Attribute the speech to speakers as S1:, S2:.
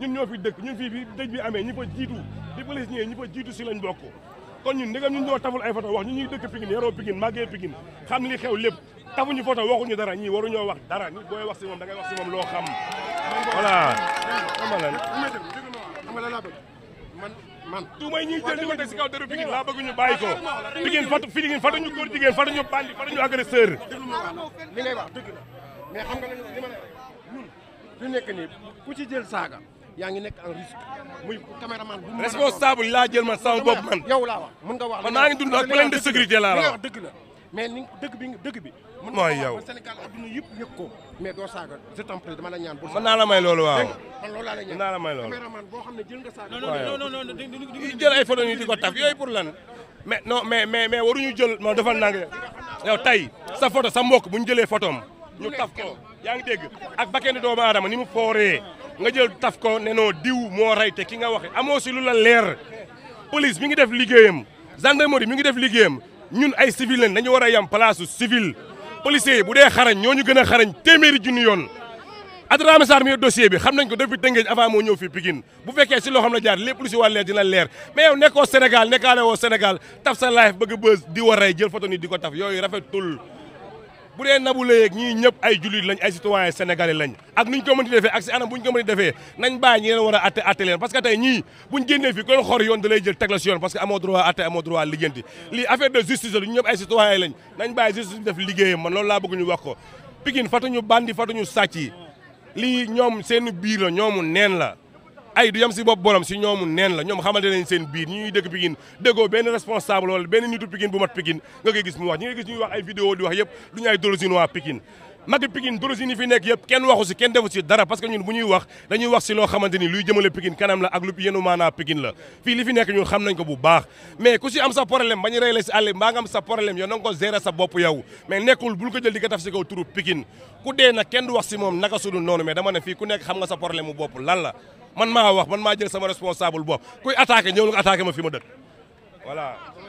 S1: ñun ñoo fi dëkk ñun fii bi dëj bi amee ñu fa jiitu di police ñëwee ñi fa jiitu si lañ bokk kon ñun ndegam ñun ñoo taful ay photo wax ñu ñuy dëkk Pikine yaroo Pikine màggee Pikine xam li xew lépp tafuñu photo waxuñu dara ñii waruñoo wax dara nit booy wax si moom da ngay wax si moom loo xam voilà ama lan
S2: la laa bëgg man
S1: man tuumay ñuy jël di ko teg si kaw dëru Pikine laa bëgg ñu bàyyi ko Pikine fatu Pikine fatuñu góor jigéen fatuñu bandi fatuñu agresseur
S2: li ngay xam nga li ma lay ñun
S1: ñu nekk nii ku ci jël saaga
S2: yaa ngi nekk laa jël man sama bopp man yow laa ngi dund ak pleine de sécurité la wax dëgg la ma ni dëgg bi dëgg bi mën la ñaan bu mën naa la may loolu waaw man loolu laa la ñaan mën
S1: naa la may loolu caméraman
S2: boo xam ne jël nga saaga ay photo ni di ko taf
S1: yooyu pour lan mais waruñu jël ma dafa nang yow tey sa photo sa mbokk bu ñu jëlee photom ñu taf ko yaa ngi dégg ak bakkee ni doomu ni mu fooree nga jël taf ko ne noo diw moo rey te ki nga waxe amoo si lu la leer police mi ngi def liggéeyam gendarmerie mi ngi def liggéeyam ñun ay civil lañ dañu war a yam place civil policiers yi bu dee xarañ ñooñu gën a xarañ téeméeri junni yoon Adrame Sarr mi dossier bi xam nañ ko depuis Tëngéej avant moo ñëw fii Pikine bu fekkee si loo xam la jaar lépp lu si wàllee dina leer mais yow nekkoo Sénégal nekkaale woo Sénégal taf sa life bëgg bës di war rey jël photo ni di ko taf yooyu rafetul bu dee Nabou Leye ak ñii ñëpp ay jullit lañ ay citoyen sénégalais lañ ak nuñ ko mën di defee ak si anam buñ ko defee nañ bàyyi ñi leen war a atte leen parce que ñii buñ génnee fii ku leen xor yoon lay jël teg la si yoon parce que amoo droit atte amoo droit lii affaire de justice la ñu ñëpp ay citoyen lañ nañ bàyyi justice def liggéeyam man loolu laa bëgg ñu wax ko Pikine fatuñu bandi fatuñu sàcc yi lii ñoom seen biir la ñoomu neen la ay du yem si bopp borom si ñoomu neen la ñoom xamante nañ seen biir ñi ñuy dëkk Pikine déggoo benn responsable wala benn nitu Pikine bu mat Pikine nga koy gis muy wax ñi nga gis ñuy wax ay vidéo di wax yëpp du ñu ay waa Pikine magi Pikine dorosine fi nekk yëpp kenn waxu si kenn defu si dara parce ñun bu ñuy wax dañuy wax si loo xamante ni luy jëmale Pikine kanam la ak lu yenu maanaa Pikine la xam nañ ko bu baax mais ku si am sa problème ba ñu rey la si àll mbaa nga am sa problème yow na sa bopp yow mais nekkul kenn du wax si moom naka sudul ku nekk xam nga sa problème mu bopp lan la man maa wax man maa jël sama responsable bopp kuy attaqué ñëw nga attaqué ma fi ma dëkk voilà.